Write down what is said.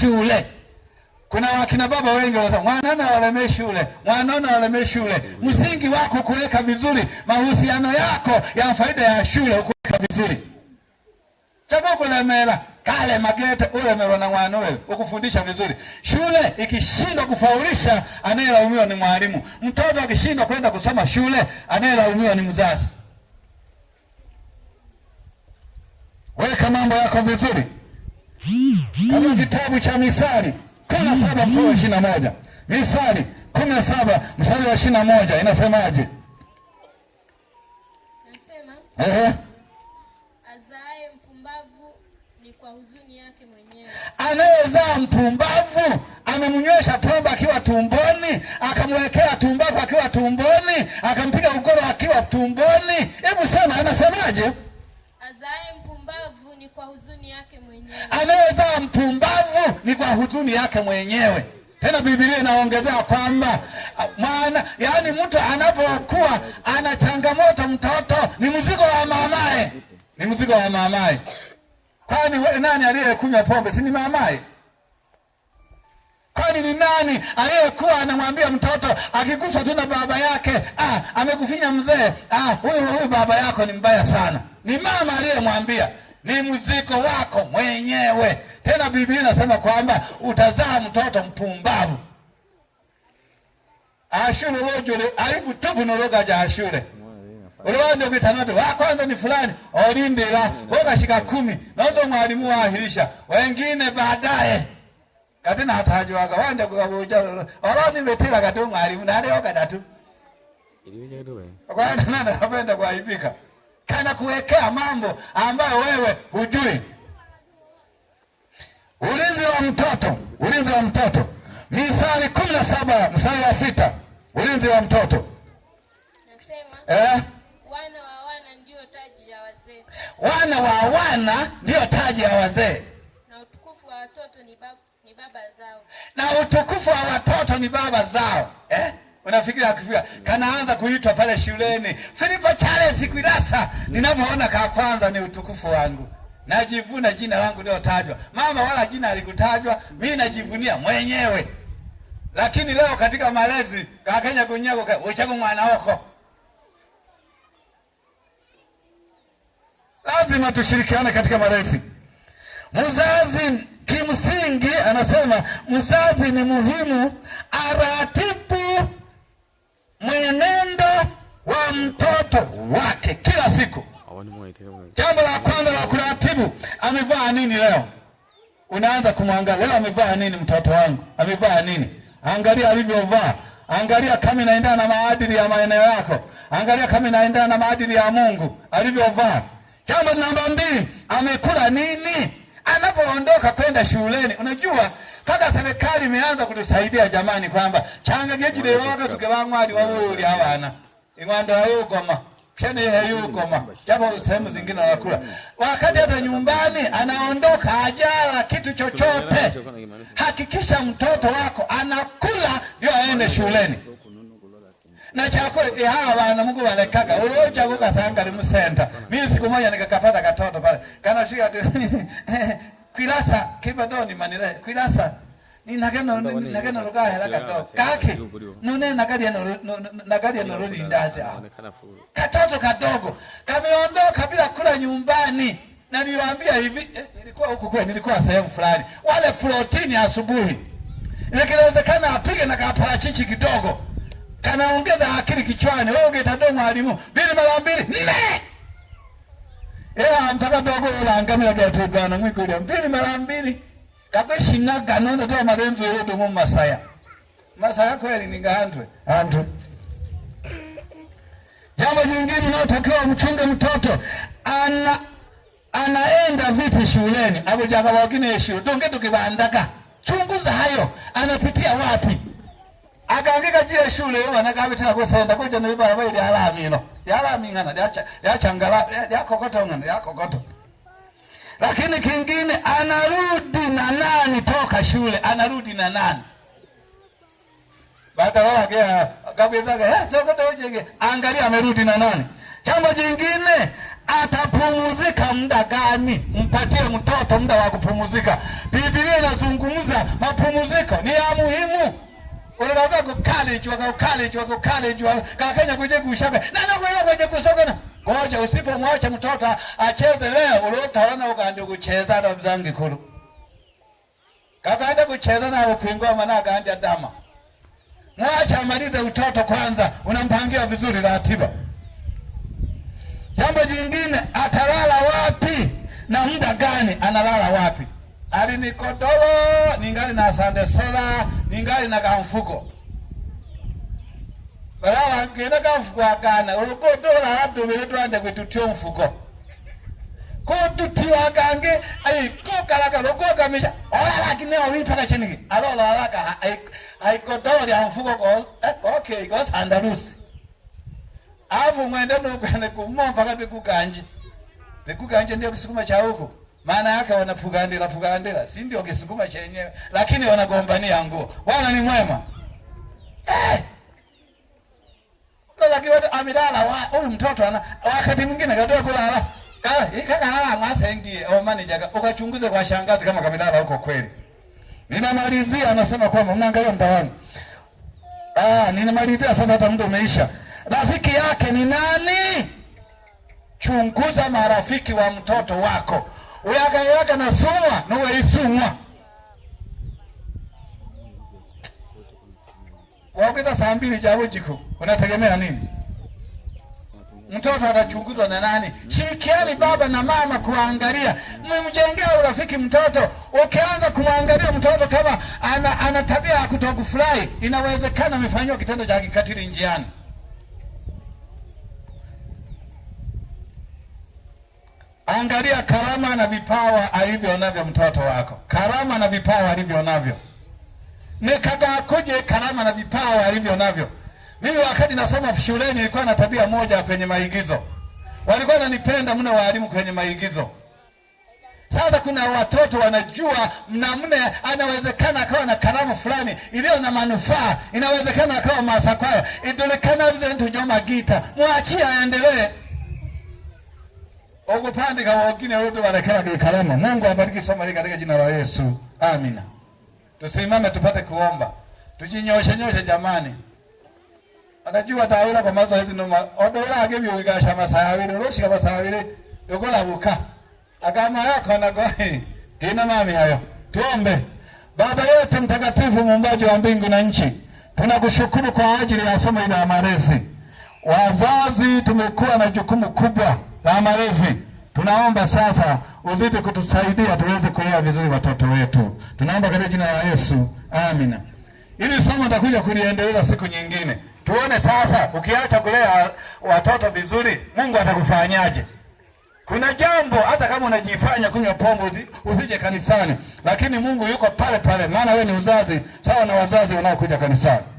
shule. Kuna wakina baba wengi wanasema mwanana walemee shule, mwanana walemee shule. Msingi wako kuweka vizuri, mahusiano yako ya faida ya shule ukuweka vizuri. Chagua kulemela kale magete ulemerwa na mwana ule ukufundisha vizuri. Shule ikishindwa kufaulisha, anayelaumiwa ni mwalimu. Mtoto akishindwa kwenda kusoma shule, anayelaumiwa ni mzazi. Weka mambo yako vizuri katika kitabu cha Mithali kumi na saba mstari wa ishirini na moja Mithali kumi na saba mstari wa ishirini na moja inasemaje? Ehe. Anayezaa mpumbavu amemnywesha pombe akiwa tumboni makusudi yake mwenyewe. Tena Biblia inaongezea kwamba ah, mwana, yaani mtu anapokuwa ana changamoto, mtoto ni mzigo wa mamaye, ni mzigo wa mamaye. Kwani nani aliyekunywa pombe? Si ni mamaye? Kwani ni nani aliyekuwa anamwambia mtoto akigusa tu na baba yake, ah, amekufinya mzee, ah, huyu huyu baba yako ni mbaya sana? Ni mama aliyemwambia. Ni mzigo wako mwenyewe. Tena Biblia inasema kwamba utazaa mtoto mpumbavu, ashule lojule aibu tupu noroga ja ashule uliwanja kuitanate wa kwanza ni fulani olindila shika kumi nozo mwalimu waahirisha wengine baadaye kati waga, wanja kukabuja olonivetila kati umwalimu naliwogadatu kwananapenda kuaibika kana kuwekea mambo ambayo wewe hujui Ulinzi wa mtoto, ulinzi wa mtoto Mithali kumi na saba mstari wa sita ulinzi wa mtoto nasema, eh? Wana wa wana ndio taji ya wazee, wana wa wana ndio taji ya wazee, na utukufu wa watoto ni baba, ni baba zao, na utukufu wa watoto ni baba zao eh? Unafikiri akifika kanaanza kuitwa pale shuleni Filipo Charles Kwilasa, ninavyoona ka kwanza ni utukufu wangu Najivuna jina langu liotajwa Mama wala jina alikutajwa, mi najivunia mwenyewe. Lakini leo katika malezi kakenya kunyago wechagu mwana wako. Lazima tushirikiane katika malezi. Mzazi kimsingi, anasema mzazi ni muhimu, aratibu mwenendo wa mtoto wake kila siku. Jambo la kwanza la kuratibu hebu amevaa nini leo? Unaanza kumwangalia leo, amevaa nini? Mtoto wangu amevaa nini? Angalia alivyovaa, angalia kama inaendana na maadili ya maeneo yako, angalia kama inaendana na maadili ya Mungu alivyovaa. Jambo namba mbili, amekula nini anapoondoka kwenda shuleni. Unajua kaka, serikali imeanza kutusaidia jamani, kwamba changa changagejidewaga tukevang'wali wawuli avana ing'wanda wayugoma Shani hayuko japo sehemu zingine anakula, wakati hata nyumbani anaondoka ajala kitu chochote. Hakikisha mtoto wako anakula ndio aende shuleni na chakula. Eh, hawa wana Mungu walekaga ulocha kuka sanga limusenta. Mimi siku moja nikakapata katoto pale kanashika kilasa kibadoni manile kilasa ni katoto kadogo kameondoka bila kula nyumbani na niliwaambia hivi eh, nilikuwa huko kweli nilikuwa sehemu fulani wale protini asubuhi inawezekana apige na kaparachichi kidogo kanaongeza akili kichwani wewe ungeitado mwalimu mbili mara mbili nne ela eh, mpaka dogo ulangamira dogo bwana mbili mara mbili kabe shina gano ndoto marenzo yodo tungu masaya masaya kweli ni gandwe antu jambo jingine linalotakiwa mchunge mtoto ana anaenda vipi shuleni abo jaga wagine shule donge tukibandaka chunguza hayo anapitia wapi akangika je shule yo anakabitira kusenda kuja no ibara bayidi alamino yalamingana yacha yachangala yakokota ngana yakokoto lakini kingine anarudi na nani toka shule, anarudi na nani baadaakagezaga eh, angalia, amerudi na nani. chambo jingine atapumuzika muda gani? Mpatie mtoto muda wa kupumuzika. Biblia inazungumza mapumuziko ni ya muhimu. uliwagago college wako college wako college wako kakenya kuje kushaka nanakwenda kuje kusogana Ngoja usipomwacha mtoto acheze leo ulutawona ugandi kucheza na mzangi kulu Kakaenda kucheza na ukuingua mana gandi adama. Mwacha amalize utoto kwanza, unampangia vizuri ratiba. Jambo jingine, atalala wapi na muda gani analala wapi? Alinikodolo ningali na sandesela ningali na kamfuko bala ngena ka mfuko akana olokotola atubere twanda kwe tutya omfuko kotutiwa kange aikokalaka lokokamisha olalakine ovipaka chiniki alolalaka aikotolya mfuko eh, okay kosandalusi avu mwende nokane kumomba kapi kukanje pekukanje ndiye kusukuma cha huko maana yake wanapugandila pugandila si ndio kisukuma chenyewe lakini wanagombania nguo bwana ni mwema eh! takiwa amidala wa huyu mtoto ana wakati mwingine kadoa kulala kala ikaka hala masa ingi au oh, manager ukachunguze kwa shangazi kama kamidala huko kweli. Ninamalizia anasema kwamba mnaangalia mtawani. Ah, ninamalizia sasa, hata muda umeisha. Rafiki yake ni nani? Chunguza marafiki wa mtoto wako. Uyaka yaka na sumwa na uwe isumwa. Waongeza saa mbili jabu ujiko, Unategemea nini? Mtoto atachunguzwa na nani? Shirikiani baba na mama kuangalia, mmjengea urafiki mtoto. Ukianza kumwangalia mtoto kama ana, ana tabia ya kutokufurahi, inawezekana amefanyiwa kitendo cha kikatili njiani. Angalia karama na vipawa alivyo navyo mtoto wako, karama na vipawa alivyo navyo Mekaga koje karama na vipawa alivyo navyo. Mimi wakati nasoma shuleni nilikuwa na tabia moja kwenye maigizo. Walikuwa wananipenda mno walimu kwenye maigizo. Sasa kuna watoto wanajua mnamna, anawezekana akawa na karamu fulani iliyo na manufaa, inawezekana akawa masakwayo masakwaya vile mtu nyoma gita mwachie aendelee ogupandika wogine wote wanakera kalamu. Mungu abariki somo hili katika jina la Yesu, amina tusimame tupate kuomba, tujinyoshe nyoshe jamani. Anajua tawira kwa maso hizi noma odola agebyo wigasha masawire uloshika masawire dogola buka agama yako na gohi mami hayo. Tuombe. Baba yetu mtakatifu, muumbaji wa mbingu na nchi, tunakushukuru kwa ajili ya somo hili la malezi. Wazazi tumekuwa na jukumu kubwa la malezi. Tunaomba sasa uzidi kutusaidia tuweze kulea vizuri watoto wetu. Tunaomba katika jina la Yesu, amina. Ili somo takuja kuliendeleza siku nyingine, tuone sasa, ukiacha kulea watoto vizuri, Mungu atakufanyaje? Kuna jambo hata kama unajifanya kunywa pombe, usije kanisani, lakini Mungu yuko pale pale, maana wewe ni uzazi sawa na wazazi wanaokuja kanisani.